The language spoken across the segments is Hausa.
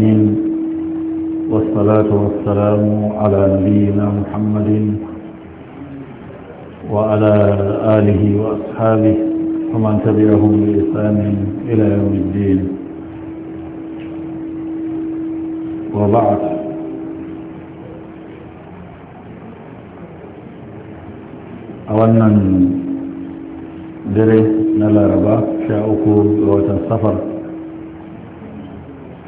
العالمين والصلاة والسلام على نبينا محمد وعلى آله وأصحابه ومن تبعهم بإحسان إلى يوم الدين وبعد أولا dare نلا laraba شاء uku وقت السفر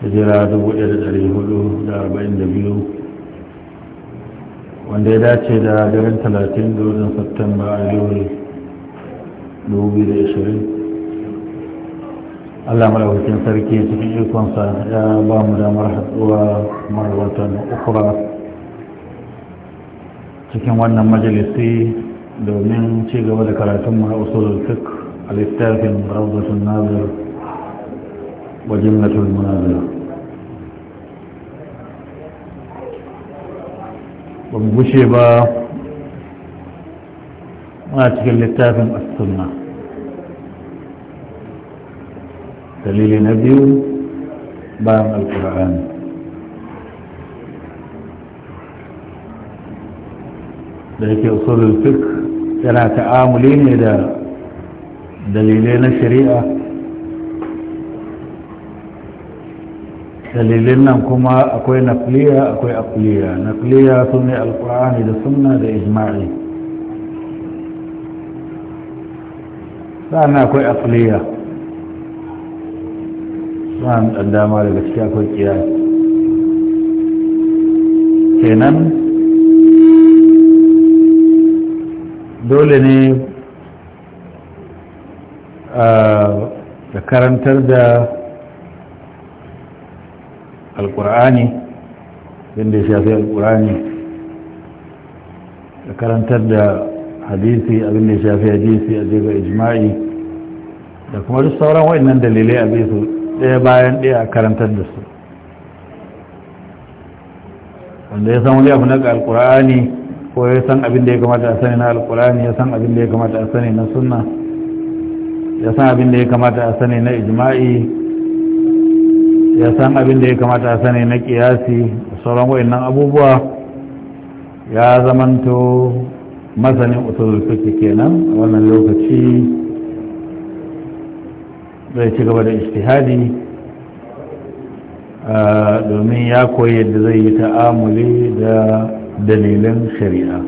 hijira 1442 wanda ya dace da daren 30 ga watan satamba a da 2020 allah malawakin sarki cikin ikonsa ya ba mu damar hatsuwa marwatan ukura cikin wannan majalisi domin ci gaba da karatun mu na usulul fiqh a littafin rawdatun nazir wa jumlatul munazir ba mu gushe ba a cikin littafin as-sunna dalili na biyu bayan alkur'ani da yake usulul fiqh yana ta'amuli ne da dalilai na shari'a dalilin nan kuma akwai nafliya akwai akliya nafliya sun ne alkur'ani da sunna da ijma'i sa'an akwai akliya sa'an ɗan dama daga ciki akwai kiyas kenan dole ne ah, da karantar da alkur'ani inda ya shafi alkur'ani da karantar da hadisi abinda ya shafi hadisi a jirga ijma'i da kuma duk sauran wa'annan dalilai a su ɗaya bayan ɗaya a karantar da su wanda ya san wani abu na alkur'ani ko ya san abin da ya kamata a sani na alkur'ani ya san abin da ya kamata a sani na sunna ya san abin da ya kamata a sani na ijma'i ya san abin da ya kamata a sani na kiyasi sauran wayannan abubuwa ya zamanto masanin usulul fiqh kenan a wannan lokaci zai ci gaba da ijtihadi domin ya koyi yadda zai yi ta'amuli da dalilin shari'a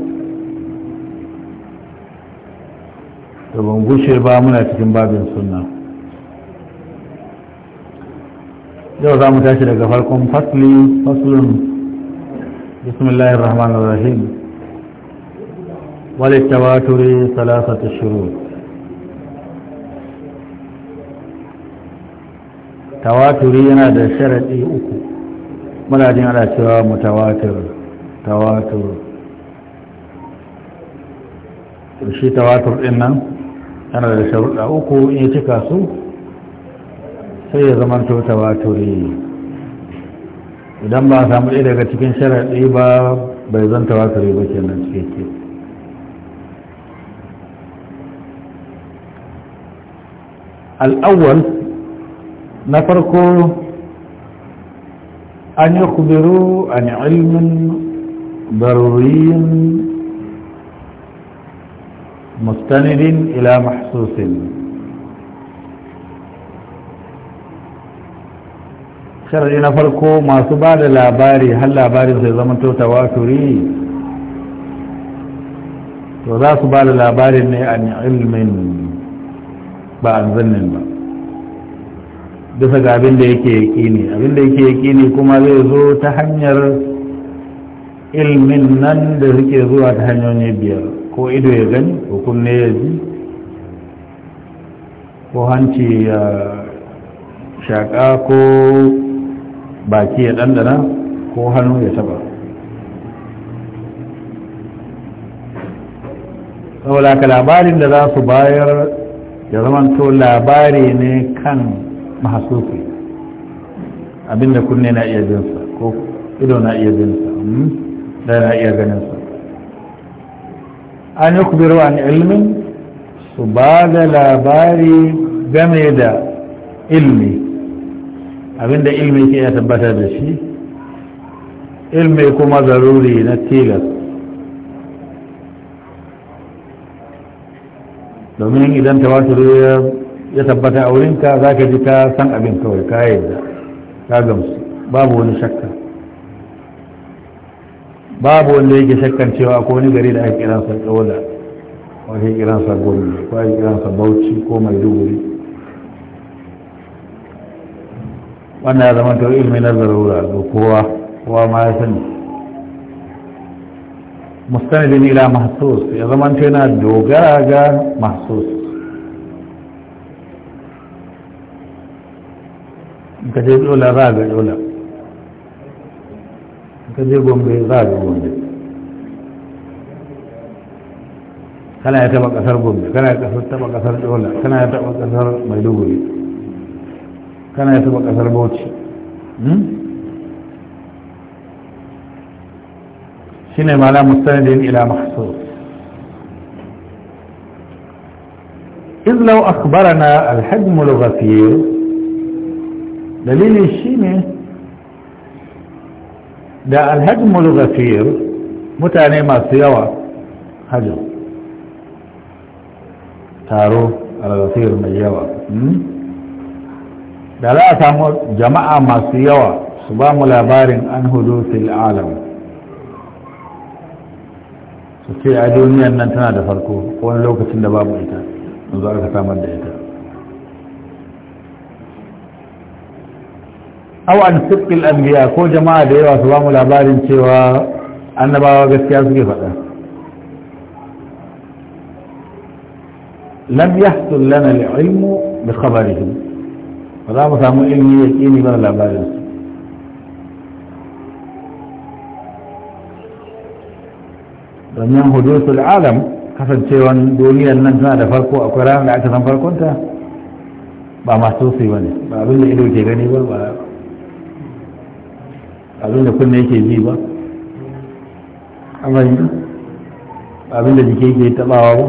to ban gushe ba muna cikin babin sunna yau za mu tashi daga farkon fasulun بسم الله الرحمن الرحيم والتواتر ثلاثة الشروط تواتر ينادى شرط أكو ملاجين على شراء متواتر تواتر شي تواتر إنا أنا لشرط أكو إن تكاسو sai ya zamanto tawaturi idan ba samu ɗaya daga cikin sharaɗi ba bai zan tawaturi ba kenan cikakke al'awwal na farko an yi kubiru a ilmin baruriyin mustanidin ila mahsusin sharadi na farko masu ba da labari har labarin sai zama to waturi to za su ba da labarin ne a ilmin ba an zannin ba bisa ga abin da yake yaƙini abin da yake yaƙini kuma zai zo ta hanyar ilmin nan da suke zuwa ta hanyoyi biyar ko ido ya gani ko kunne ya ji ko hanci ya shaƙa ko baki ya dandana ko hannu ya taba saboda ka labarin da za su bayar ya zamanto labari ne kan mahasufi abinda kunne na iya jinsa ko ido na iya jinsa da hmm? na iya ganinsa an yi kubiru an ilmin su ba da labari game da ilmi abinda ilmi ke ya tabbatar da shi ilmi kuma zaruri na tilas domin idan ta tawaturu ya tabbata a wurinka za ka ji ka san abin kawai ka yadda ka gamsu babu wani shakka babu wanda yake shakkan cewa ko wani gari da ake kiransa tsola ko ake kiransa gombe ko ake kiransa bauchi ko maiduguri wannan ya zama to ilmi na zarura ga kowa kowa ma ya sani mustanidin ila mahsus ya zama to yana dogara ga mahsus ka je dola za ga dola ka je gombe za ga gombe kana ya taba kasar gombe kana ya taba kasar dola kana ya taba kasar maiduguri كان يتبقى في البوت سينما لا مستند إلى محصول إذ لو أخبرنا الحجم الغفير دليل الشينة دا الحجم الغفير متاني ما سيوا حجم تارو الغفير مجيوى مم da za a samu jama'a masu yawa su ba mu labarin an hudusil alam su ce a duniyar nan tana da farko wani lokacin da babu ita yanzu aka samar da ita aw an sirkil anbiya ko jama'a da yawa su ba mu labarin cewa annabawa gaskiya suke faɗa lam yahsul lana al-ilmu bi khabarihim ba za mu samu ilimi ya ƙini ba labarin su domin hudusul alam kasancewan duniyar nan tana da farko akwai ranar da aka san farkonta ba masu su ba ne ba abin da ido ke gani ba ba abin da kunne yake ji ba abin ba abin da jiki ke tabawa ba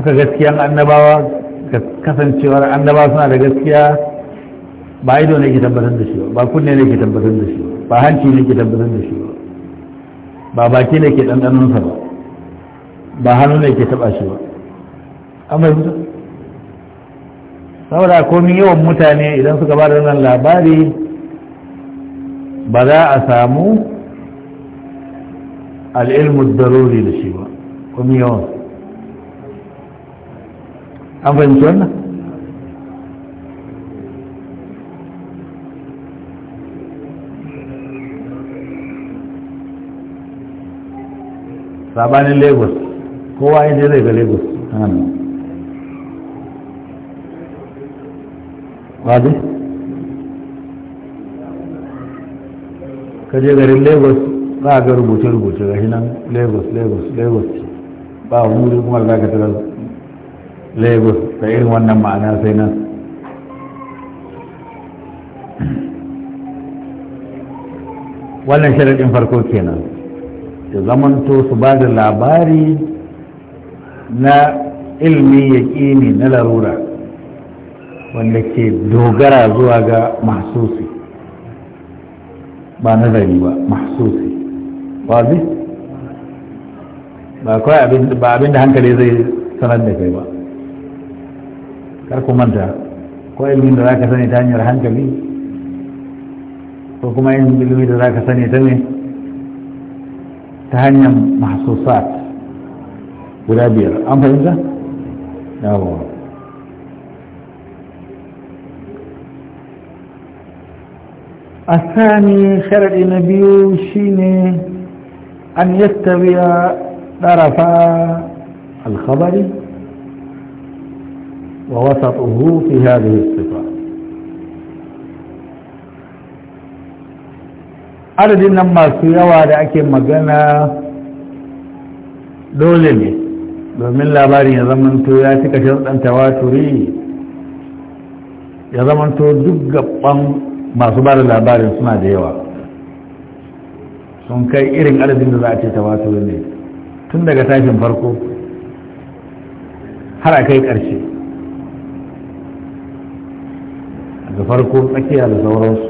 haka gaskiyan annabawa kasancewar annaba suna da gaskiya ba ido ne ke tabbatar da shi ba kunne ne ke tabbatar da shi ba hanci ne ke tabbatar da shi ba baki ne ke ɗanɗanonsa ba ba hannu ne ke taɓa shi ba amma yanzu saboda komin yawan mutane idan suka ba da wannan labari ba za a samu al'ilmu daruri da shi ba komi yawan an fahimci wannan sabanin lagos kowa ya je zai ga lagos wadda ka je garin lagos ba ga rubuce-rubuce ga nan lagos lagos lagos ba wuri kuma za ka tarar lagos da irin wannan ma'ana sai nan wannan sharaɗin farko kenan da zamanto su ba da labari na ilmi ya ƙini na larura wanda ke dogara zuwa ga masusi ba nazari ba ba zai ba kawai abin da hankali zai sanar da kai ba kar manta ko ilimin da za ka sani ta hanyar hankali ko kuma ilimin da za ka sani ta ne ta hanyar mahsusat guda biyar an fahimta? yawo a sani الثاني شرع نبي شيني أن يستوي ɗarafa alkhabari ووسطه في هذه الصفة adadin nan masu yawa da ake magana dole ne domin labarin ya zamanto ya cika sharɗan tawaturi ya zamanto duk gaban masu ba da labarin suna da yawa sun kai irin adadin da za a ce tawaturi ne tun daga tashin farko har a kai ƙarshe farko tsakiya da sauransu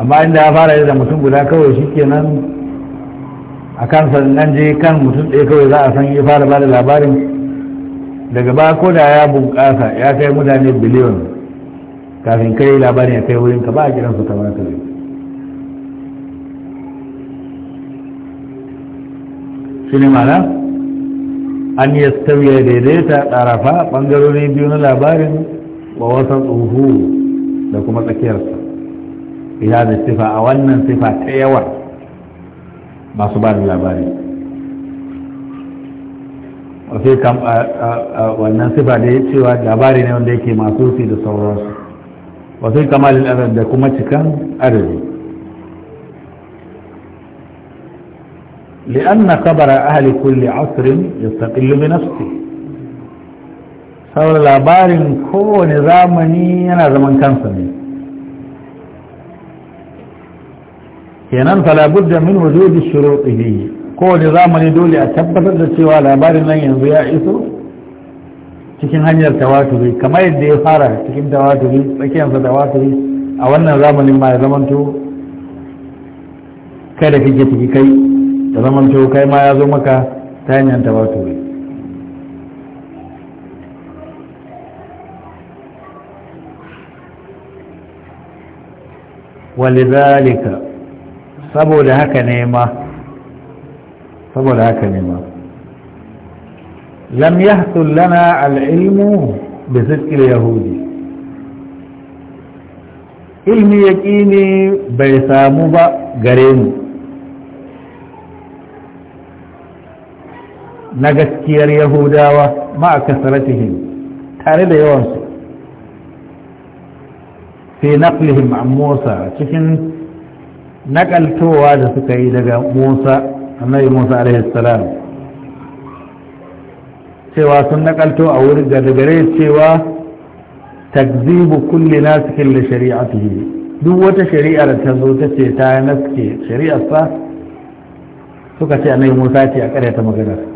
amma inda ya fara da mutum guda kawai shi kenan a kansa an je kan mutum ɗaya kawai za a san ya fara ba da labarin daga ba ko da ya bunƙasa ya kai mutane biliyon kafin kai labarin ya kai wurin ka ba a su kamar ka shi ne ma'ana an ya sauya daidaita ɗarafa ɓangarori biyu na labarin wa wasan tsohu da kuma tsakiyarsa ila da sifa a wannan sifa ta yawa masu ba da labari wasu kam wannan sifa da ya cewa labari ne wanda yake masu da sauransu wasu kamalin da kuma cikan arziki لأن خبر أهل كل عصر يستقل بنفسه saboda labarin kowane zamani yana zaman kansa ne kenan da min wujudi shuruɗihi kowane zamani dole a tabbatar da cewa labarin nan yanzu ya iso cikin hanyar tawaturi kamar yadda ya fara cikin tawaturi tsakiyarsa tawaturi a wannan zamanin ma ya zamanto kada kake ciki kai ta zaman cewa kai ma ya zo maka ta hanyar ta tabaturi walidhalika saboda haka ne ma saboda haka ne ma lam yahsul lana al’ilmu ilmu bi sidqil yahudi ilmi yaqini bai samu ba gare mu na gaskiyar yahudawa ma a tare da yawansu fi naqlihim an musa cikin nakaltowa da suka yi daga musa annabi musa alaihi cewa sun nakalto a wurin da cewa takzibu kulli nasikin da shari'atihi duk wata shari'a da ta zo ta ce ta naske shari'arsa suka ce annabi musa ce a karyata maganar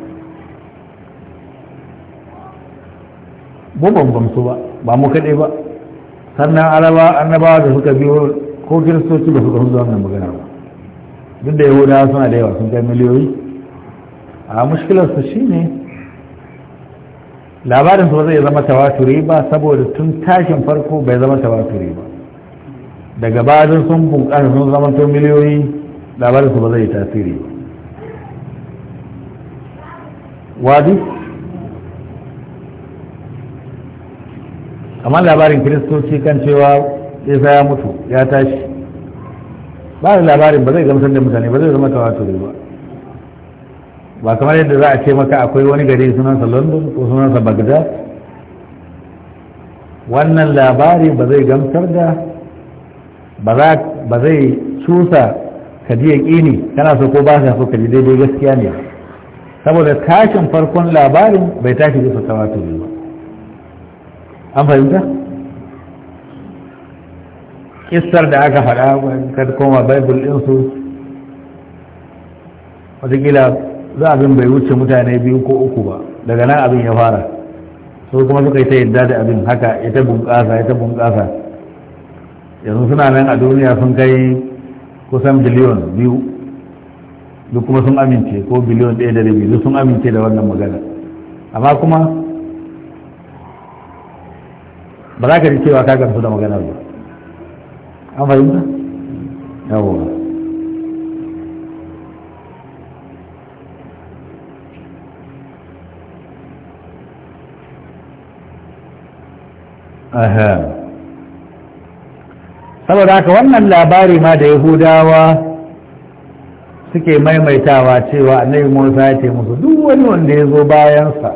mu ban gamsu ba ba mu kaɗai ba sannan alaba annabawa da suka biyo ko kiristoci da suka hudu wannan magana ba duk da yahudawa suna da yawa sun kai miliyoyi a mushkilarsu shine labarin su ba zai zama tawaturi ba saboda tun tashin farko bai zama tawaturi ba daga bayan sun bunƙasa sun zama to miliyoyi labarin su ba zai tasiri ba wadi amma labarin kiristoci kan cewa isa ya mutu ya tashi ba da labarin ba zai gamsar da mutane ba zai zama tawaturi ba ba kamar yadda za a ce maka akwai wani gari sunansa london ko sunansa bagdad wannan labari ba zai gamsar da ba zai cusa ka ji kana so ko ba sa so ka ji daidai gaskiya ne saboda tashin farkon labarin bai tashi bisa tawaturi ba an fahimta kistar da aka faɗa ka koma baibul ɗinsu watakila za abin bai wuce mutane biyu ko uku ba daga nan abin ya fara su kuma suka yi ta yadda da abin haka ya ta bunƙasa ya ta bunƙasa yanzu suna nan a duniya sun kai kusan biliyon biyu duk kuma sun amince ko biliyon ɗaya da rabi duk sun amince da wannan magana amma kuma ba za ka ji cewa ka gamsu da maganar ba an fahimta yawon saboda haka wannan labari ma da yahudawa suke maimaitawa cewa annabi musa ya ce musu duk wani wanda ya zo bayansa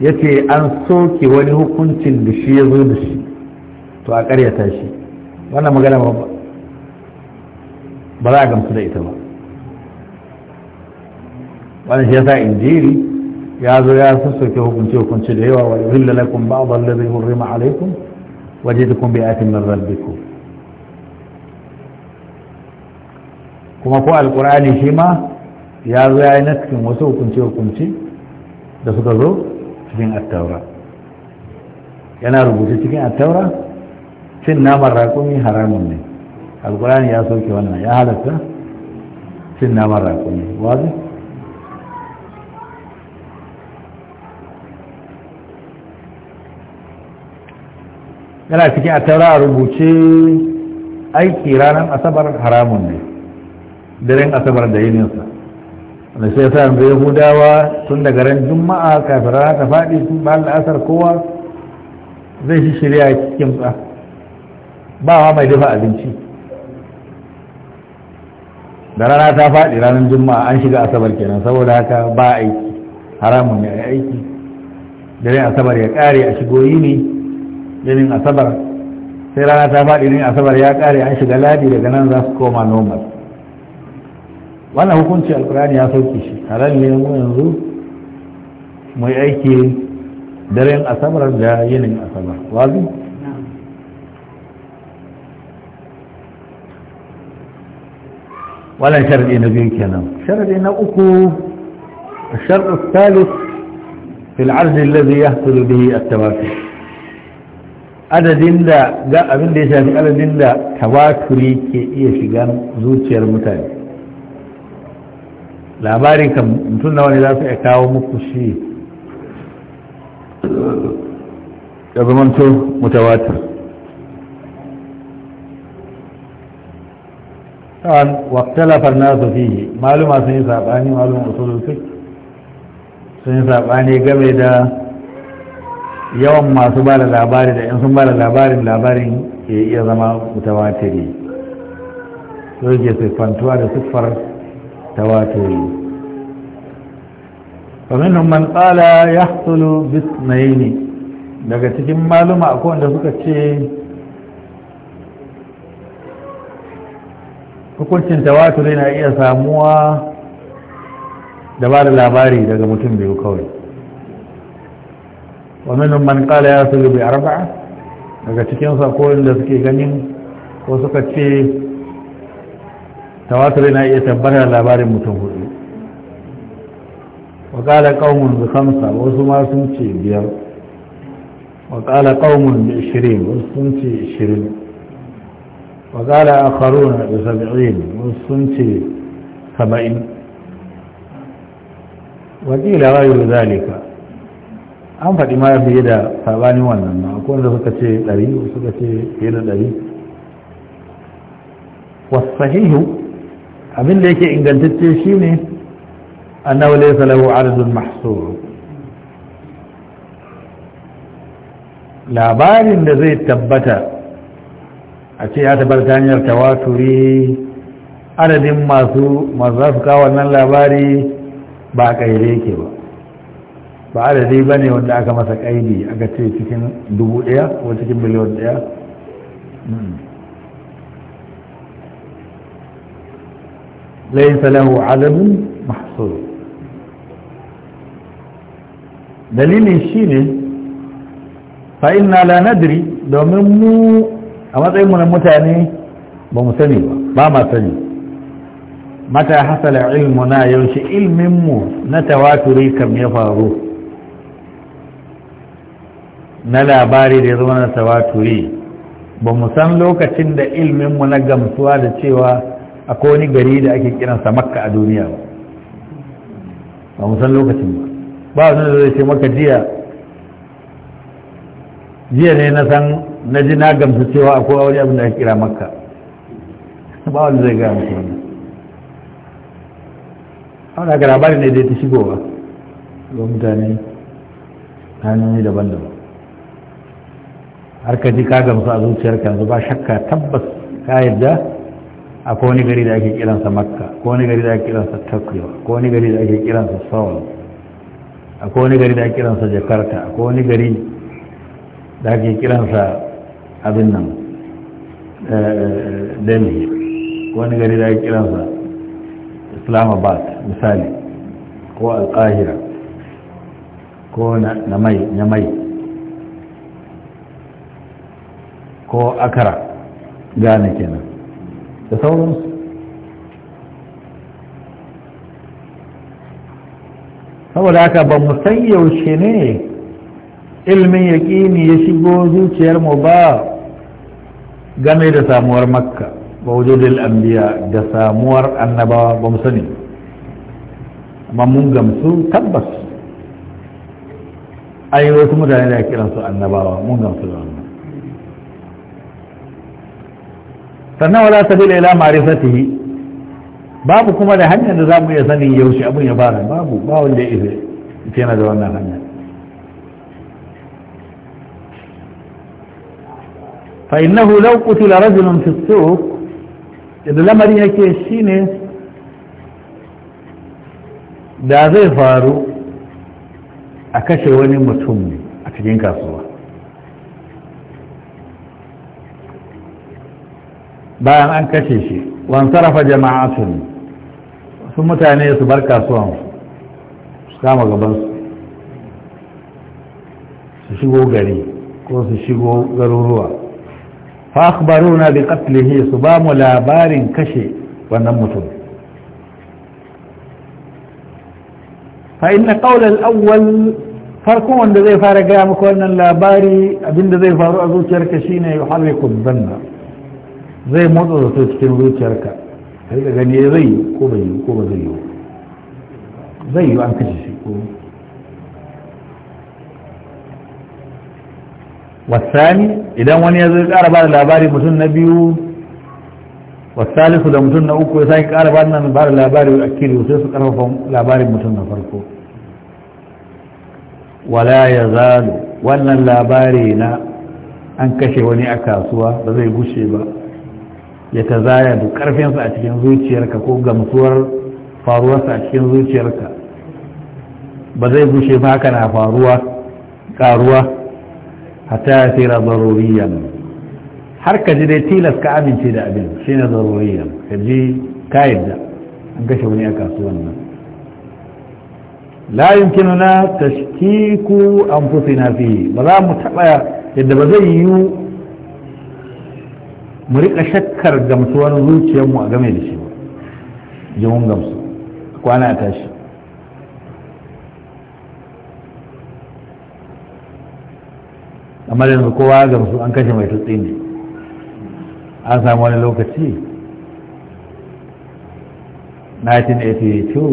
ya ce an soke wani hukuncin da shi ya zo da shi to a karyata shi wannan magana ba za a gamsu da ita ba wani shi ya sa injiri ya zo ya sassoke hukunci hukunci da yawa wani hilla lakum ba'd allazi hurrima alaikum wajidukum bi atin min rabbikum kuma ko alqur'ani shi ma ya zo ya yi naskin wasu hukunci hukunci da suka zo cikin attaura yana rubuta cikin attaura cin namar raƙumi haramun ne alkurani ya sauke wannan ya halatta cin namar raƙumi wazi yana cikin attaura a rubuce aiki ranar asabar haramun ne daren asabar da yininsa na sai sa yanzu yahudawa tun daga ran juma'a kafin rana ta faɗi sun ba la'asar kowa zai shi shirya cikin ba ba mai dafa abinci da rana ta faɗi ranar juma'a an shiga asabar kenan saboda haka ba aiki haramun ya aiki dare asabar ya ƙare a shigo yini yanin asabar sai rana ta faɗi ne asabar ya ƙare an shiga ladi daga nan za su koma normal wannan hukunci alkurani ya sauke shi haram ne mu yanzu mai aiki daren asabar da yinin asabar wazi wannan sharadi na biyu kenan sharadi na uku الشرط الثالث في العرض الذي يحصل به التواتر adadin da ga abin da ya shafi adadin da tawaturi ke iya shigan zuciyar mutane labarin kan mutum na wani za su iya kawo muku shi ya zamanto mutawatir tawan waktalafar nasu fiye maluma sun yi saɓani maluma usulun fiqh sun yi saɓani game da yawan masu ba da labari da in sun ba da labarin labarin ke iya zama mutawatiri to yake siffantuwa da siffar تواتري فمنهم من قال يحصل باثنين daga cikin maluma akwai wanda suka ce hukuncin tawaturi na iya samuwa da ba da labari daga mutum biyu kawai waminin man kala ya sulu bi arba'a daga cikin sakon da suke ganin ko suka ce tawatur yana iya tabbatar labarin mutum hudu waƙala ƙaunin da kamsa wasu ma sun ce biyar waƙala ƙaunin da ishirin wasu sun ce ishirin waƙala a karuna da saba'in wasu sun ce saba'in wakila rayu zalika an faɗi ma fiye da sabanin wannan na akwai da suka ce ɗari suka ce fiye da ɗari wasu sahihu abin da yake ingantacce shi shine annahu laysa lahu arzun mahsur labarin da zai tabbata a ce ya tabbata ta hanyar tawaturi adadin masu masu za su kawo wannan labari ba a ƙaire yake ba ba adadi ba ne wanda aka masa ƙaidi aka ce cikin dubu ɗaya ko cikin miliyon ɗaya hmm. ليس له علم محصول دليل الشيني فإنا لا ندري دومنمو أما تأمنا متعني بمسني باما سني متى حصل علمنا يوشي مو نتواتري كم يفارو نلا باري رضونا تواتري بمسن لوكا تند علم مو نقم سوال تشيوه akwai wani gari da ake kiransa makka a duniya ba mu san lokacin ba ba wani da zai ce maka jiya jiya ne na san na ji na gamsu cewa akwai wani abin da ake kira makka ba wani zai gaya musu a wani aka labari ne dai ta ba ga mutane hanyoyi daban-daban har ka ji ka gamsu a zuciyar kanzu ba shakka tabbas ka yadda akwai wani gari da ake kiransa makka ko wani gari da ake kiransa tokyo ko wani gari da ake kiransa seoul akwai wani gari da ake kiransa jakarta akwai wani gari da ake kiransa abin nan eh, delhi ko wani gari da ake kiransa islamabad misali ko alkahira ko na mai ko akara gane kenan da sauransu saboda haka ba mu san yaushe ne ilmin yaƙini ya shigo zuciyarmu ba game da samuwar makka ba wujudul al'ambiya da samuwar annabawa ba mu sani amma mun gamsu tabbas an yi wasu mutane da kiransu annabawa mun gamsu da sannan wala sabil ila ma'rifatihi babu kuma da hanyar da zamu iya sani yaushe abun ya fara babu ba wanda ya isa yana da wannan hanya fa innahu law qutila rajulun fi as suq idan lamarin yake shine da zai faru a kashe wani mutum a cikin kasuwa bayan an kashe shi wansarafa jama'a sun sun mutane su bar kasuwan su kama gabansu su shigo gari ko su shigo garuruwa fa akhbaruna bi qatlihi su ba mu labarin kashe wannan mutum fa inna awwal farkon wanda zai fara gaya muku wannan labari abinda zai faru a zuciyarka shine yuharriku dhanna zai motsa zato cikin zuciyarka ka rika gani eh, zai yi ko bai yi ko ba zai yi zai yi an kashe shi ko wasani idan wani ya zai kara bada labari mutum na biyu wasalisu da mutum na uku ya sake kara bada nan bada labari a kiri sai su karfafa labarin mutum na farko wala ya zalu wannan labari na an kashe wani a kasuwa ba zai gushe ba ya ta zaya da ƙarfinsa a cikin zuciyarka ko gamsuwar faruwarsa a cikin zuciyarka ba zai gushe ba haka na faruwa ƙaruwa hatta ya tsira zaruriyan har ka ji dai tilas ka amince da abin shi ne zaruriyan ka ji ka yadda an kashe wani a kasuwan nan la na tashkiku anfusina fihi ba za mu taɓa yadda ba zai yiwu mu riƙa shakkar gamsuwar zuciyarmu a game da shi mun gamsu kwana a tashi amma yanzu kowa gamsu an kashe mai tutsi ne an samu wani lokaci 1982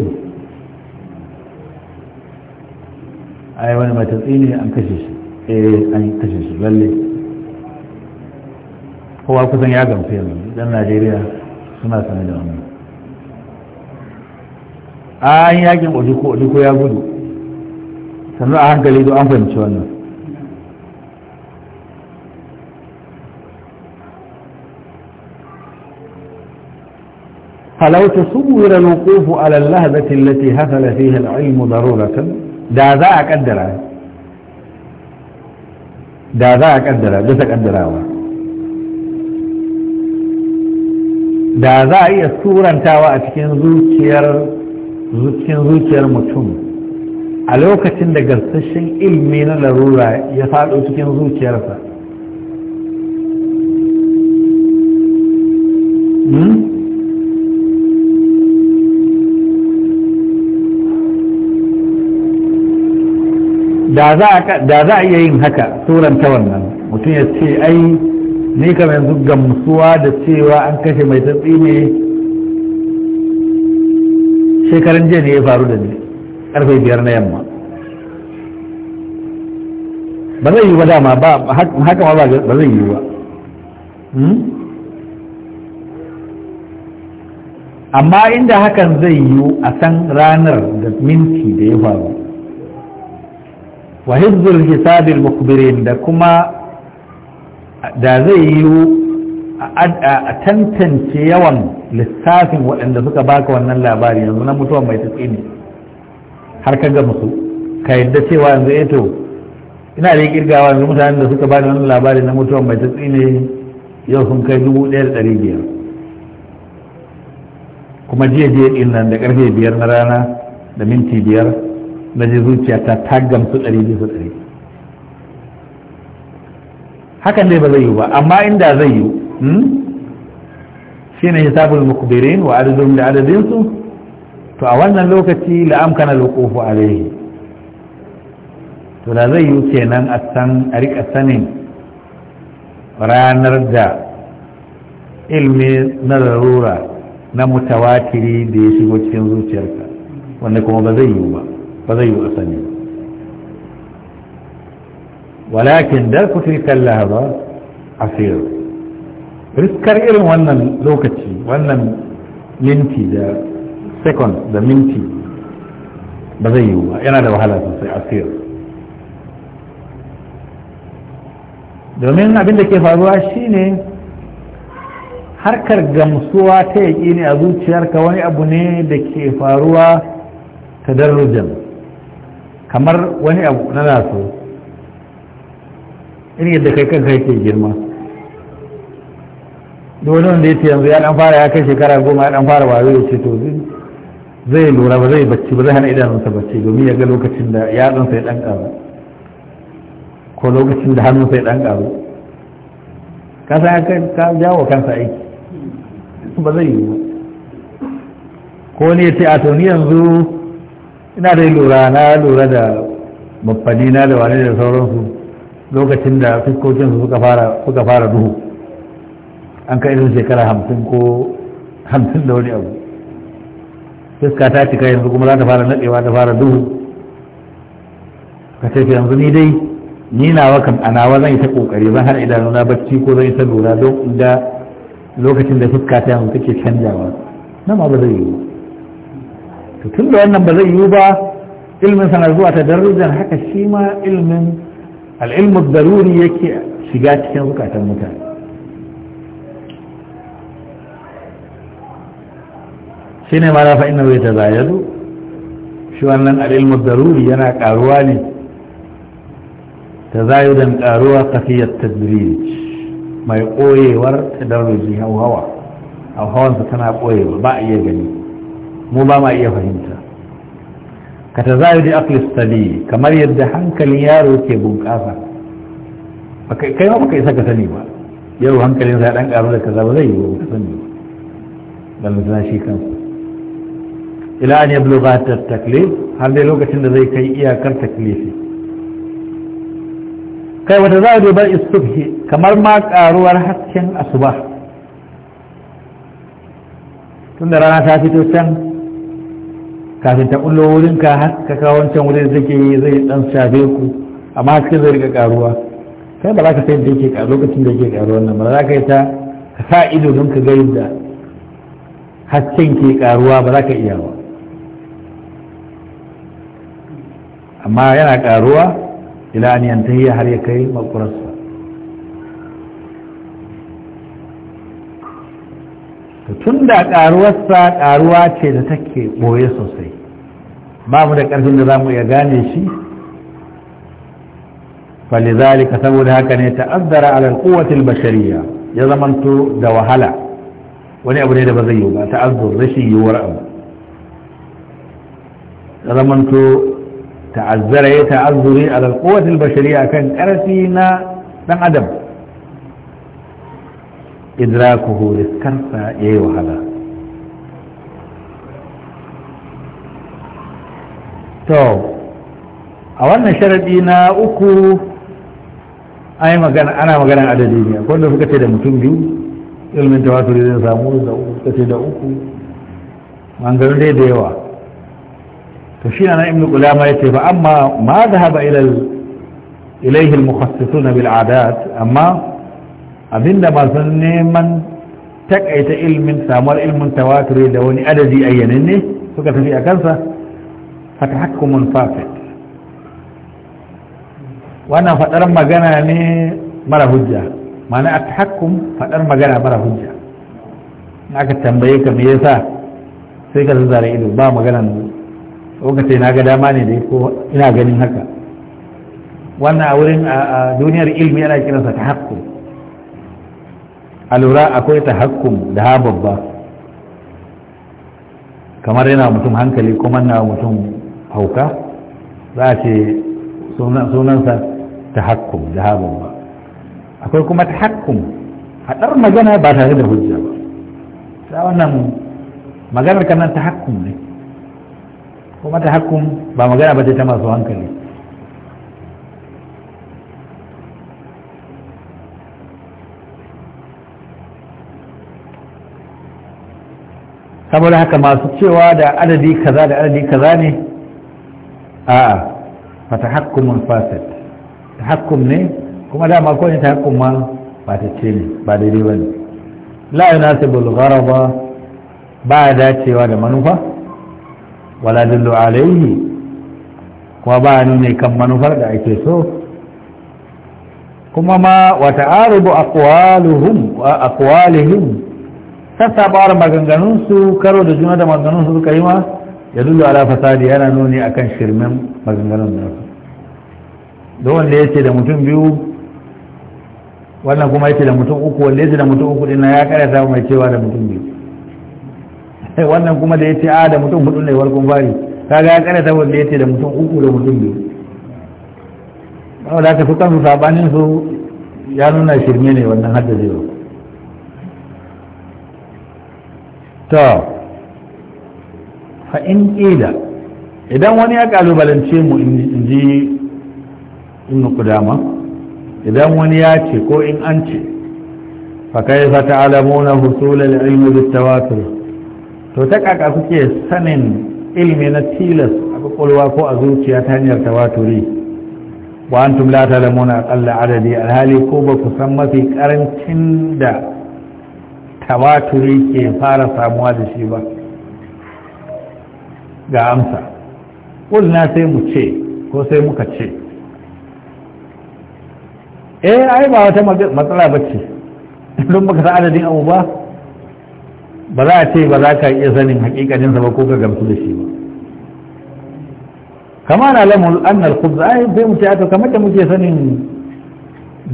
ai wani mai tutsi ne an kashe shi eh an kashe shi lalle kowa kusan ya gamfe mu dan najeriya suna sane da wani a an yakin oduko oduko ya gudu sannu a hankali do an fahimci wannan فلو تصور الوقوف على اللهبة التي هفل فيها العلم ضرورة دا ذا أقدر دا ذا أقدر دا تقدر da za a iya surantawa a cikin zuciyar cikin zuciyar mutum a lokacin da gasashen ilmi na larura ya faɗo cikin zuciyarsa hmm? da za a iya yin haka suranta wannan mutum ya ce ai ni kam yanzu gamsuwa da cewa an kashe mai tatsi ne shekaran jiya ne ya faru da ni karfe biyar na yamma ba zai yi ba dama ba haka ma ba zai yi ba hmm? amma inda hakan zai yi a san ranar da minti da ya faru wa hizbul hisabil mukbirin da kuma da zai yiwu a tantance yawan lissafin waɗanda suka baka wannan labari yanzu na mutuwan mai tatsi ne har ka ga musu ka yadda cewa yanzu eto eh ina da kirgawa yanzu mutanen da suka bani wannan labari na mutuwan mai tatsi ne yau sun kai dubu ɗaya da ɗari biyar kuma jiya jiya ɗin nan da ƙarfe biyar na rana da minti biyar na je zuciya ta gamsu ɗari biyu ɗari hakan dai ba zai yi ba amma inda zai yi hmm? shi ne hisabul mukbirin wa da adadinsu to a wannan lokaci la'amkana lokofu a rai to da zai yi kenan a san a rika sanin ranar da ilmi na larura na mutawatiri da ya shigo cikin zuciyarka wanda kuma ba zai yi ba ba zai yi a sanin. walakin da ku fi kalla asir riskar irin wannan lokaci wannan minti da second da minti ba zai yiwu ba yana da wahala sosai asir domin abin da ke faruwa shine harkar gamsuwa ta yaƙi ne a zuciyarka wani abu ne da ke faruwa ta darrujan kamar wani abu na irin yadda kai kanka yake girma da wani wanda ya ce yanzu ya dan fara ya kai shekara goma ya dan fara ba zai ce to zai lura ba zai bacci ba zai hana idanunsa bacci domin ya ga lokacin da yatsunsa ya dan karu ko lokacin da hannunsa ya dan karu ka san ka jawo kansa aiki ba zai yi ba ko ne ya ce a to ni yanzu ina da lura na lura da mafani na da wani da sauransu lokacin da su suka fara duhu an kai irin shekara hamsin ko hamsin da wani abu fuska ta cika yanzu kuma za ta fara nadewa ta fara duhu ka ce yanzu ni dai ni nawa kam a nawa zan yi ta kokari zan hana idanu na bacci ko zan yi ta lura don inda lokacin da fuska ta yanzu take canjawa na ma ba zai yiwu to tun da wannan ba zai yiwu ba ilmin sana zuwa ta darajar haka shi ma ilmin al'ilmu daruri yake shiga cikin zukatan mutane shi ne mara fa'ina bai ta zayazu shi wannan al'ilmu daruri yana karuwa ne ta zayudan karuwa kafiyar tadbirij mai koyewar ta dauraji hauhawa hauhawansa tana koyewa ba a iya gani mu ba ma iya fahimta ka ta zayu da aklis sali kamar yadda hankalin yaro ke bunƙasa kai ma baka isa ka sani ba yau hankalin sa dan karu da kaza ba zai yi ba ka sani ba balantana shi kansa ila an ta taklif har dai lokacin da zai kai iyakar taklifi kai wata za a dubar istubhi kamar ma karuwar hasken asuba tun da rana ta fito can kafin ta bullo wurin ka haka wancan wurin da zai dan shafe ku amma ka zai riga karuwa kai ba za ka sai da yake karu lokacin da yake karuwa nan ba za ka yi ta ka sa ido don ka ga yadda hasken ke karuwa ba za ka iya ba amma yana karuwa ila an yantahi har ya kai makurarsa tun da ƙaruwarsa ƙaruwa ce da take ɓoye sosai ba mu da ƙarfin da za mu iya gane shi falizalika saboda haka ne ta'azzara ala alquwwatil bashariyya ya zamanto da wahala wani abu ne da ba zai yi ba ta'azzur rashin yiwuwar abu ya zamanto ta'azzara ya ta'azzuri ala alquwwatil bashariyya kan ƙarfi na ɗan adam idrakuhu riskarsa ya yi wahala to a wannan sharaɗi na uku ana magana adadi ne wanda suka ce da mutum biyu ilmin ta tawaturi zai samu da suka ce da uku mangarin dai da yawa to shi na ibn ulama ya ce fa amma ma zahaba ilal ilaihi al-mukhassisuna bil adat amma abinda masu neman takaita ilmin samuwar ilmin tawakiri da wani adadi ayyanin ne suka tafi a kansa fata hakumun fafe. wannan fadar magana ne mara hujja mana a hakkum fadar magana mara hujja aka tambaye ka me yasa sai ka zare ido ba magana maganan lokaci na ga dama ne dai ko ina ganin haka wannan a wurin a duniyar ilmi ana kiransa ta hakkum a lura akwai ta hakkun da ha babba kamar yana mutum hankali kuma na mutum hauka za a ce sunansa ta hakkun da ha babba akwai kuma ta a haɗar magana ba tare da hujja ba ta wannan maganar kanan ta hakkun ne kuma ta hakkun ba magana ba ce ta masu hankali saboda haka masu cewa da adadi kaza da adadi kaza ne a fa fasit. Ta tahakkum ne kuma dama ko ne ta tahakkum ma ba ta ce ne ba daidai bane la yunasibul gharaba ba dacewa da manufa wala dillu alaihi kuma ba nune kan manufar da ake so kuma ma wata arubu aqwaluhum wa aqwalihim maganganun maganganunsu karo da juna da maganganunsu suka yi ma ya dullu ala fasadi yana nuni akan shirmen maganganun da su da wanda ya ce da mutum biyu wannan kuma ya ce da mutum uku wanda ya ce da mutum uku din ya karanta mai cewa da mutum biyu wannan kuma da ya ce a da mutum hudu ne warkun fari kaga ya karanta wanda ya ce da mutum uku da mutum biyu wanda aka fi kansu sabanin su ya nuna shirme ne wannan haddacewa ta fa'in ƙila idan wani ya ƙalubalance mu in ji in kudama idan wani ya ce ko in an ce fa kai fa ta'lamuna husul al-ilm tawatur to ta kaka kuke sanin ilmi na tilas a kwakwalwa ko a zuciya ta hanyar tawaturi wa antum la ta'lamuna a adadi alhali ko ba ku san mafi karancin da tawaturi ke fara samuwa da shi ba ga amsa ƙulna sai mu ce ko sai muka ce eh ai ba wata matsala ba ce don baka sa adadin abu ba ba za a ce ba za ka iya sanin hakikaninsa ba ko ka gamsu da shi ba kama na lamun annal kubza ai sai mu ce a to kamar da muke sanin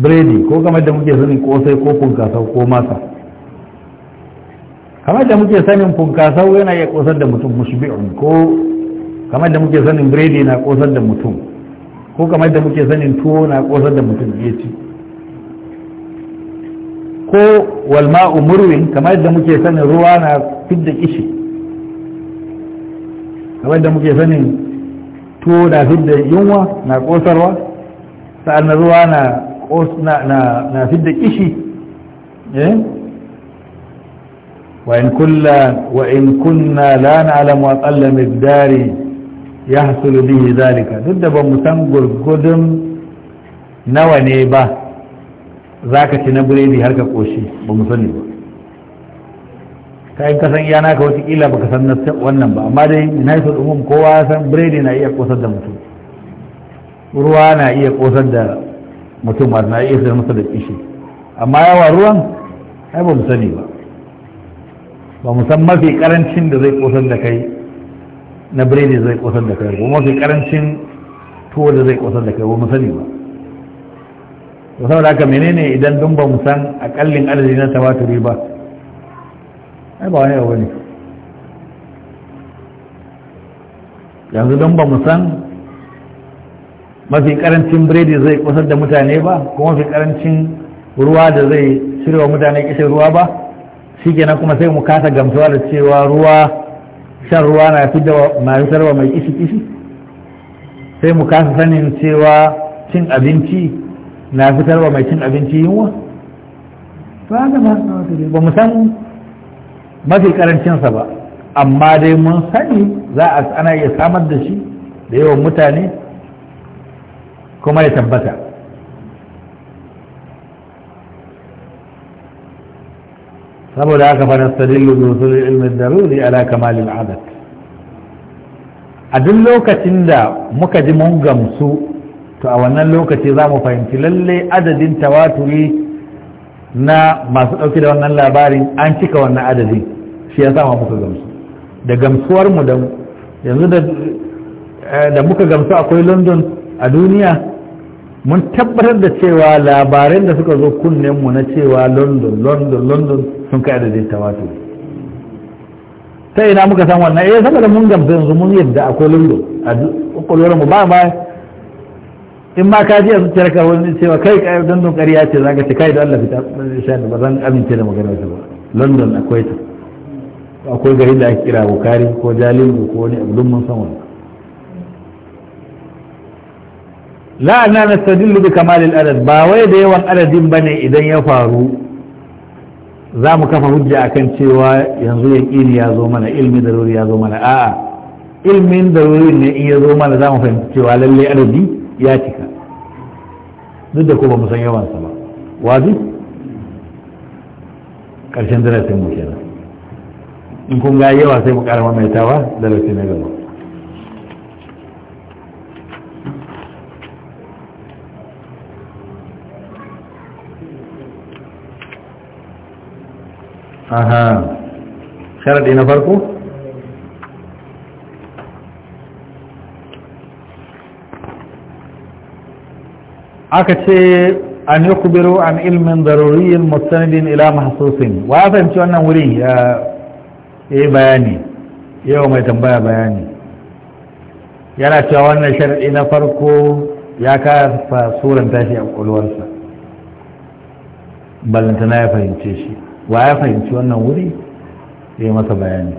biredi ko kamar da muke sanin kosai ko kunkasau ko masa kamar da muke sanin funkasau yana iya kosar da mutum mushbi'un ko kamar da muke sanin biredi na kosar da mutum ko kamar da muke sanin tuwo na kosar da mutum ya ci ko walma murwin kamar da muke sanin ruwa na fidda kishi kamar da muke sanin tuwo na fidda yunwa na kosarwa sa'an ruwa na na fidda kishi eh وإن, كل وإن كنا لا نعلم أقل مقدار يحصل به ذلك ضد بمسنقر قدم نواني با ذاك تنبري دي هركا قوشي بمسني با kayan kasan iya naka watakila baka san wannan ba amma dai united umum kowa san biredi na iya kosar da mutum ruwa na iya kosar da mutum na iya sayar masa da kishi amma yawa ruwan ai mu sani ba ba mu san mafi karancin da zai kosar da kai na biredi zai kosar da kai ba mafi karancin tuwo da zai kosar da kai ba mu sani ba to saboda haka menene idan dun ba mu san akallin adadi na tawaturi ba ai ba wani abu ne yanzu don ba mu san mafi karancin biredi zai kusar da mutane ba ko mafi karancin ruwa da zai shirya mutane kishin ruwa ba shi kenan kuma sai mu kasa gamsuwa da cewa ruwa shan ruwa na fi da mai isi isi sai mu kasa sanin cewa cin abinci na fitarwa mai cin abinci yunwa ba ba mu san mafi karancinsa ba amma dai mun sani za a ana iya samar da shi da yawan mutane kuma ya tabbata saboda haka fa nastadillu bi usul ilmi daruri ala kamal al a duk lokacin da muka ji mun gamsu to a wannan lokaci za mu fahimci lalle adadin tawaturi na masu ɗauki da wannan labarin an cika wannan adadin shi ya sama muka gamsu da gamsuwar mu da yanzu eh, da muka gamsu akwai london a duniya mun tabbatar da cewa labaran da suka zo kunnen mu na cewa london london london sun kai da adadin wato. ta ina muka san wannan eh saboda mun gamsu yanzu mun yadda akwai london a kwakwalwar mu ba ma in ma ka ji a zuciyar ka wani cewa kai kai london ƙarya ce zaka ce kai da Allah fita shan ba zan amince da maganar ba london akwai ta akwai garin da ake kira bukari ko jalingo ko wani abu mun san wannan la na nastadillu bi kamalil adad ba wai da yawan adadin bane idan ya faru za mu kafa hujja akan cewa yanzu yaqini ya zo mana ilmi daruri ya zo mana a'a ilmin daruri ne in ya zo mana za mu fahimci cewa lalle adadi ya cika duk da kuma mu san yawan sa ba wazi karshen darasin mu kenan in kun ga yawa sai mu ƙara maimaitawa darasi na gaba aha sharadi na farko aka ce an yi kubiru an ilmin daruriyin mutanidin ila mahasusin wa ya fahimci wannan wuri ya yi bayani yau mai tambaya bayani yana cewa wannan sharadi na farko ya kafa suran tashi a ƙulwarsa ballantana ya fahimce shi wa ya fahimci wannan wuri ya masa bayani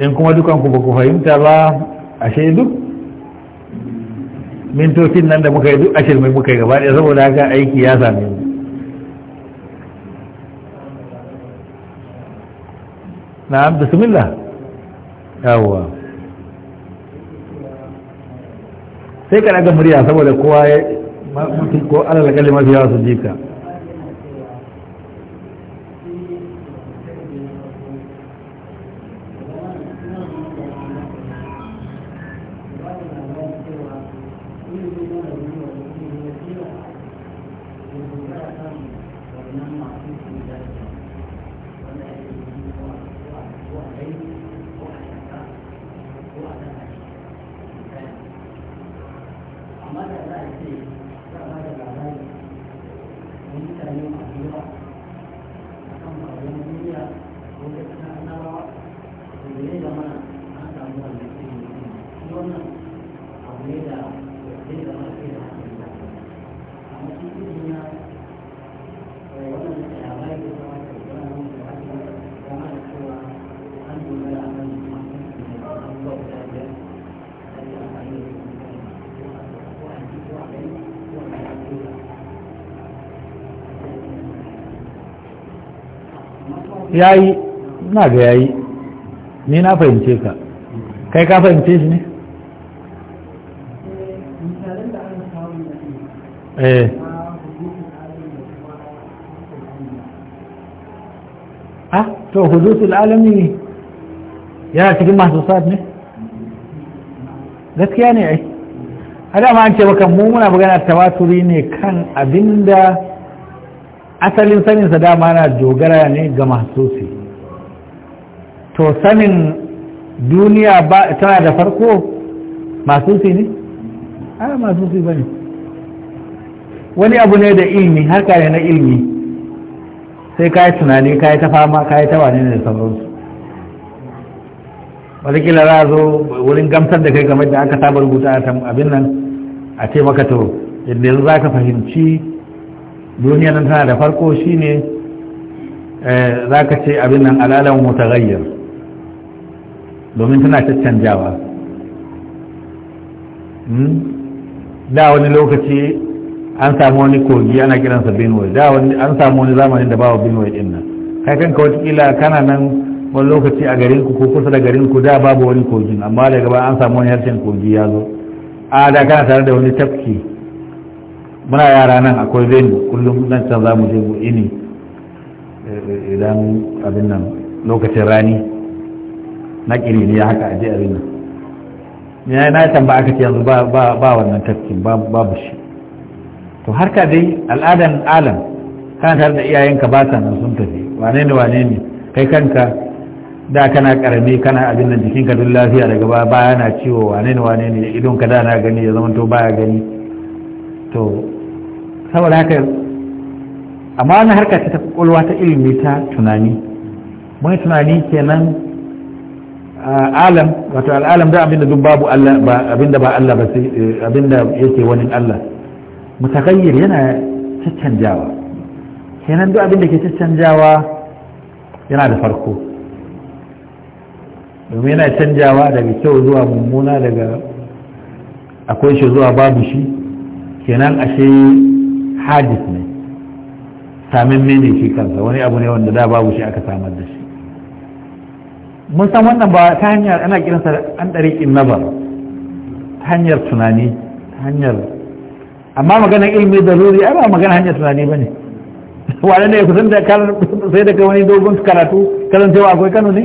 in kuma dukanku ba ku fahimta ba a shaidu mintocin nan da muka yi duk ashirin mai muka yi gaba ɗaya saboda haka aiki ya same mu na'am bismillah yawwa sai ka daga murya saboda kowa ko alal kalli mafi su jika yayi ina ga yayi ni na fahimce ka kai ka fahimce shi ne eh ah to hudusul alami yana cikin masu sa ne gaskiya ne ai a dama an ce maka mu muna magana tawaturi ne kan abinda asalin saninsa dama na dogara ne ga masusi, to sanin duniya ba tana da farko masusi ne a masusi ba ne wani abu ne da ilmi harka ne na ilmi sai ka yi tunani ka yi ta fama ka yi ta wane ne da sauransu kila za a zo wurin gamsar da kai game da aka saba rubuta abin nan a ce maka to yadda yanzu za ka fahimci duniya nan tana da farko shine eh, za ka ce abin nan alalan mutagayyar domin tana caccanjawa hmm? da wani lokaci an samu wani kogi ana kiransa benue da wani an samu wani zamanin da bawa benue din nan kai kanka watakila kana nan wani lokaci a garin ko kusa da garinku da babu wani kogin amma daga ba an samu wani harshen kogi ya zo a da kana tare da wani tafki muna yara nan akwai venue kullum nan can za mu je mu ne idan abin nan lokacin rani na ƙiri ne haka aje abin nan ya na can ba aka ce yanzu ba wannan tafkin babu shi to har ka dai al'adan alam kana tare da iyayenka ba ta nan sun tafi wane ne wane ne kai kanka da kana karami kana abin nan jikinka duk lafiya daga baya ba na ciwo wane ne wane ne idon ka da na gani ya zama to baya gani to saboda haka amma wani harka ce ta kwakwalwa ta ilimi ta tunani wani tunani kenan alam wato al'alam da abinda duk babu Allah ba abinda ba Allah ba sai eh, abinda yake wani Allah mutakayyir yana caccanjawa kenan duk abinda ke caccanjawa yana da farko domin yana canjawa daga kyau zuwa mummuna daga akwai shi zuwa babu shi kenan ashe hadith ne samin mene shi kansa wani abu ne wanda da babu shi aka samar da shi mun san wannan ba ta hanyar ana kiransa an kin nazar ta hanyar tunani ta hanyar amma magana ilmi da ruri ai ba magana hanyar tunani ba ne ne kusan da sai da wani dogon karatu cewa akwai kano ne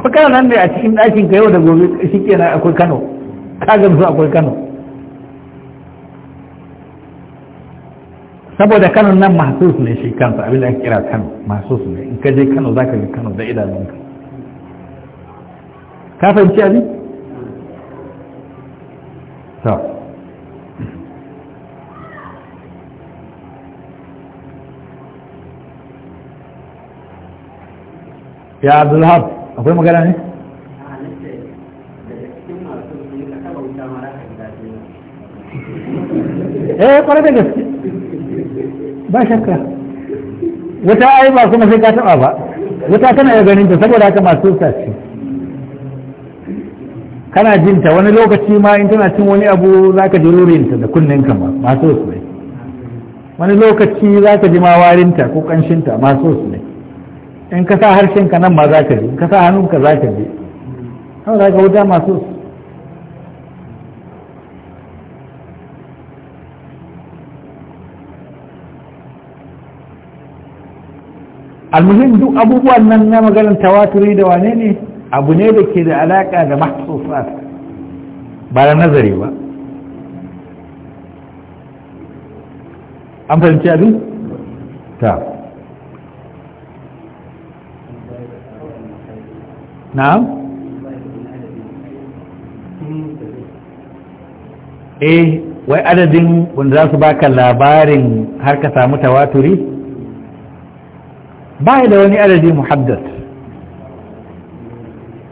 ko kana nan ne a cikin dakin ka yau da gobe shi kenan akwai kano ka gamsu akwai kano saboda kano nan mahsus ne shi kansa abin da ake kira kan mahsus ne in ka je kano za ka ga kano da idanunka ka fahimci abin to ya abdulhab akwai magana ne eh kwarai da gaske ba shakka wata ai ba kuma sai ka taba ba wata kana ya ganin ta saboda haka masu sace kana jin ta wani lokaci ma in tana cin wani abu zaka ji rurinta da kunnen ka ma masu ne wani lokaci zaka ji ma warinta ko kanshinta masu ne in ka sa harshen ka nan ma zaka ji in ka sa hannun ka zaka ji saboda haka wuta masu sosai almuhim duk abubuwan nan na maganar tawaturi da wane ne abu ne da ke da alaƙa da mahsusat ba da nazari ba an fahimci abin ta na'am eh wai adadin wanda za su baka labarin har ka samu tawaturi ba da wani adadi muhaddad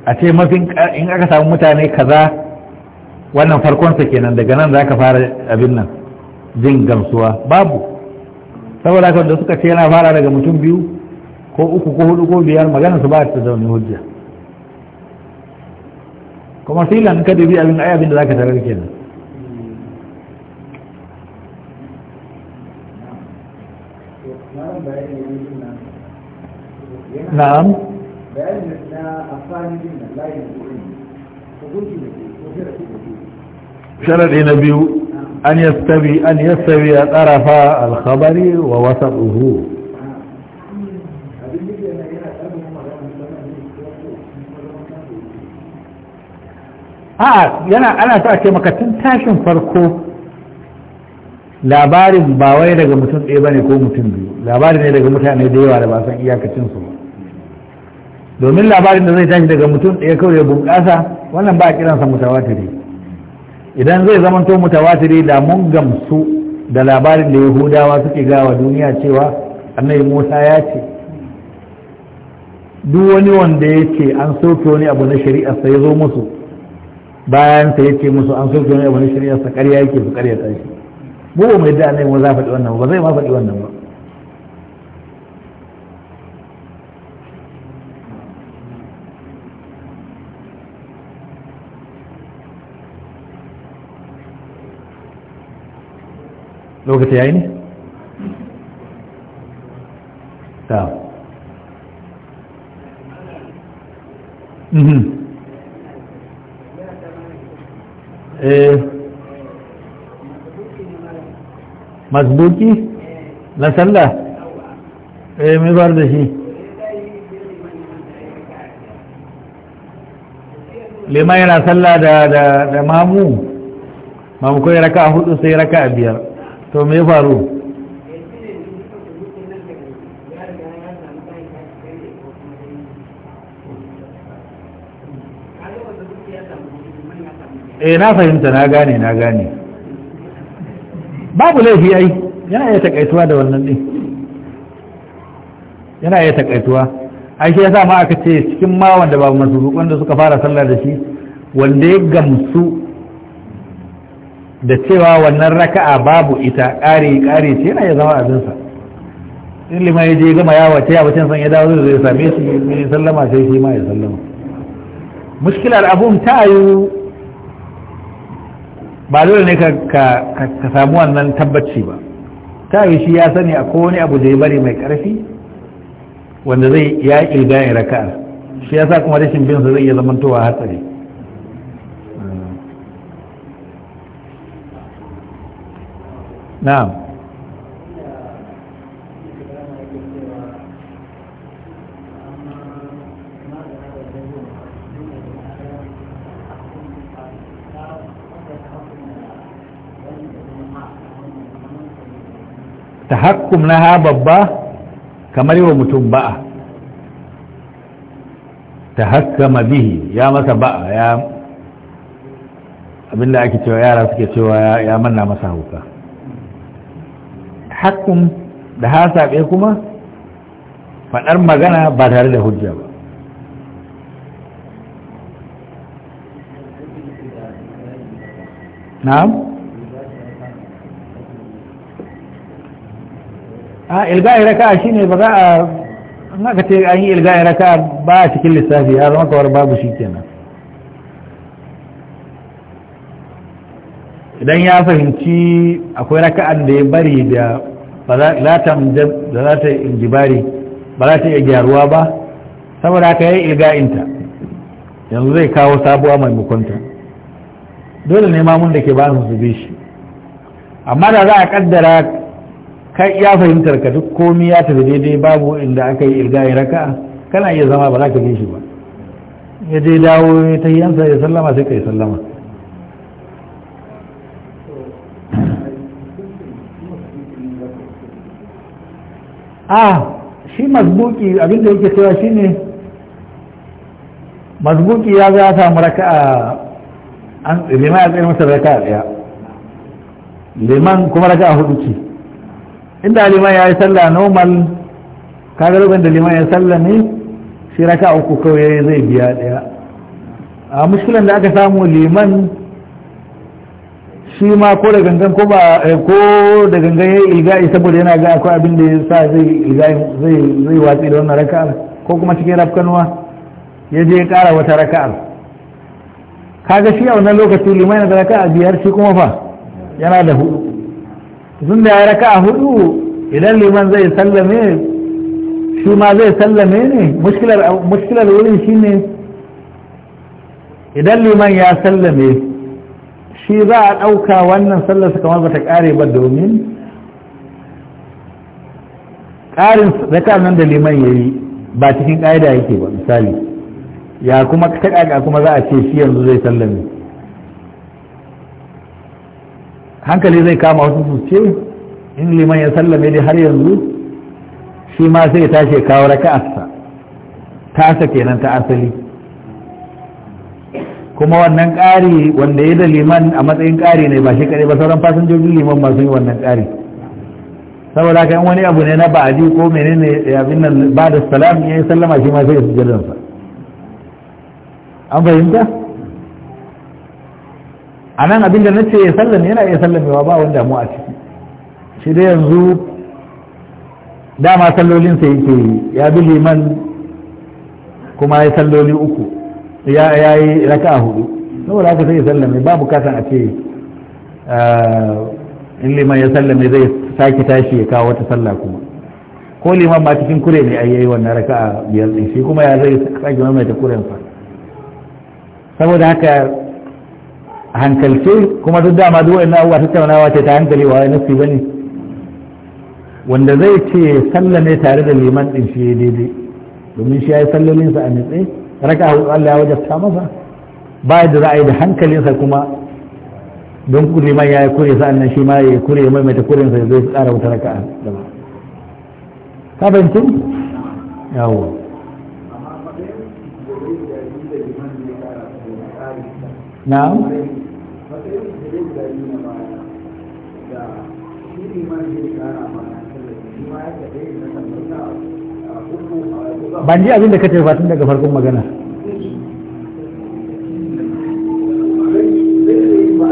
a ce mafin in aka samu mutane kaza wannan farkonsa kenan daga nan za ka fara abin nan jin gamsuwa babu saboda haka da suka ce yana fara daga mutum biyu ko uku ko hudu ko biyar magana su ba ta zaune hujja kuma filan ka dubi abin ayabin da za ka tarar kenan na'am bayanin na amfani يستوي nan يستوي طرف الخبر ووسطه biyu a'a yana ana sa ce maka tun tashin farko labarin ba wai daga mutum ɗaya bane ko mutum biyu labari ne daga mutane da yawa da ba san iyakacin su ba domin labarin da zai tashi daga mutum ɗaya kawai ya bunƙasa wannan ba a kiransa mutawatiri idan zai zamanto mutawatiri da mun gamsu da labarin da yahudawa suke gawa duniya cewa annabi musa ya ce duk wani wanda ya ce an soke wani abu na shari'arsa ya zo musu bayan sa ya ce musu an soke wani abu na shari'arsa ƙarya yake su ƙarya tashi mu ba mu yadda annabi musa faɗi wannan ba zai ma faɗi wannan ba lokaci yayi ne ta mhm eh mazbuki na sallah eh mai bar da shi liman yana sallah da mamu mamu kai raka hudu sai raka biyar to me faru eh na fahimta na gane na gane babu laifi ai yana iya takaituwa da wannan din yana iya takaituwa ai shi yasa ma aka ce cikin ma wanda babu masu wanda suka fara sallah da shi wanda ya gamsu da cewa wannan raka'a babu ita ƙari ƙari ce na ya zama abinsa in liman ya je gama ya wace ya can san ya dawo zai same shi ya sallama sai shi ma ya sallama mushkilar abun ta yi ba dole ne ka samu wannan tabbaci ba ta yi shi ya sani a kowane abu da ya bari mai ƙarfi wanda zai ya ƙirga ya raka'a shi ya sa kuma rashin bin su zai iya zamantowa hatsari na'am tahakkum ha babba kamar yi wa mutum ba'a tahakkama bihi ya masa ba'a ya abinda ake cewa yara suke cewa ya manna masa hauka haƙƙun da ɗaya kuma faɗar magana ba tare da hujja ba na'am a raka raka'a ne ba za a naka ce an yi ilgayin raka'a ba a cikin lissafi ya zama kawar babu shi kenan idan ya fahimci akwai raka'an da ya bari da ba za ta yi injibari ba za ta iya gyaruwa ba saboda haka ya yi ilga'inta yanzu zai kawo sabuwa mukunta dole ne mamun da ke ba su zube shi amma da za a kaddara ka ya fahimtar ka duk komi ya tafi daidai babu inda aka yi ilga'in raka kana iya zama ba za ka bi shi ba ya dai dawo ta yi yansa ya sallama sai ka yi sallama a shi mazbuki abinda yake cewa ne mazbuki ya ga samu a an liman ya tsaye masa a daya liman kuma a hudu ce inda liman ya yi sallah normal kaga lokacin da liman ya sallah ne shi raka uku kawai zai biya daya a mushkulan da aka samu liman shi ma ko da gangan ko ba eh, ko da gangan ya ilga'i saboda yana ga akwai abin da ya sa zai ilga'i zai zai watsi da wannan raka'ar ko kuma cikin rafkanuwa ya je ya ƙara wata raka'ar kaga shi a wannan lokaci limai na da raka'a biyar shi kuma fa yana da hudu tun da ya raka'a hudu idan liman zai sallame shi ma zai sallame ne mushkilar wurin shi ne idan liman ya sallame shi za a ɗauka wannan sallarsa kamar ba ta ƙare ba domin ƙarin raka nan da liman ya yi ba cikin ƙa'ida yake ba misali ya kuma ta ƙaƙa kuma za a ce shi yanzu zai sallame hankali zai kama wasu su ce in liman ya sallame dai har yanzu shi ma sai ya tashi kawo raka'arsa tasa kenan ta asali kuma wannan ƙari wanda ya da liman a matsayin ƙari ne ba shi kaɗai ba sauran fasinjoji liman masu yi wannan ƙari saboda kan wani abu ne na ba'adi ko menene eh, abin nan ba da salam ya yi sallama shi ma sai ya sujadansa an fahimta a nan abin da na ce ya sallame yana iya sallamewa ba wani mu a ciki shi da yanzu dama sallolinsa yake ya bi liman kuma ya salloli uku ya yi raka'a hudu saboda haka sai ya sallame ba kasan a ce in liman ya sallame zai sake tashi ya kawo wata sallah kuma ko liman ba cikin kure ne a yi wannan raka'a biyar din shi kuma ya zai sake maimaita kuren fa saboda haka hankalce kuma duk dama duk wa'annan abubuwa tattaunawa ce ta hankali wa nafsi bane wanda zai ce sallame tare da liman din shi daidai domin shi ya yi sallolinsa a nitse raka hudu Allah ya wajabta masa ba da za a yi da hankalinsa kuma don mai ya yi kure sa'an nan shi ma ya yi kure mai mai ta kurensa ya zai tsara wata raka a gaba ka fahimci yawo na'am da shi liman zai ban ji abin da ka tafi tun daga farkon magana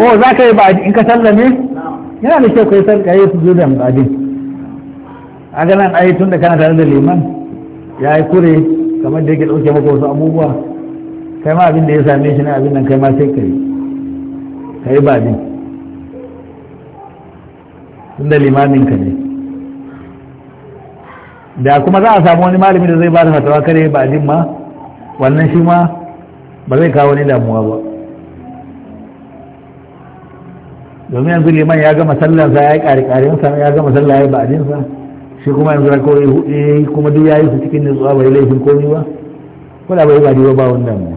o za ka yi ba'adi in ka sallame yana da kyau kai sarka yi da ba'adi a ganin ayi tun da kana tare da liman ya yi kure kamar da yake dauke maka wasu abubuwa kai ma abin da ya same shi na abin nan kai ma sai ka yi ka yi ba'adi tun da limanin ka ne da kuma za a samu wani malami da zai ba da fatawa kare ba jin ma wannan shi ma ba zai kawo wani damuwa ba domin yanzu liman ya gama sallansa ya yi ƙari-ƙarinsa ya gama sallah ya yi ba'adinsa shi kuma yanzu rako ya yi kuma duk ya yi su cikin nutsuwa bai laifin komi ba ko da bai gari ba ba wani damuwa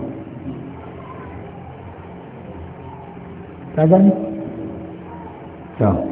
ta gani? Ta.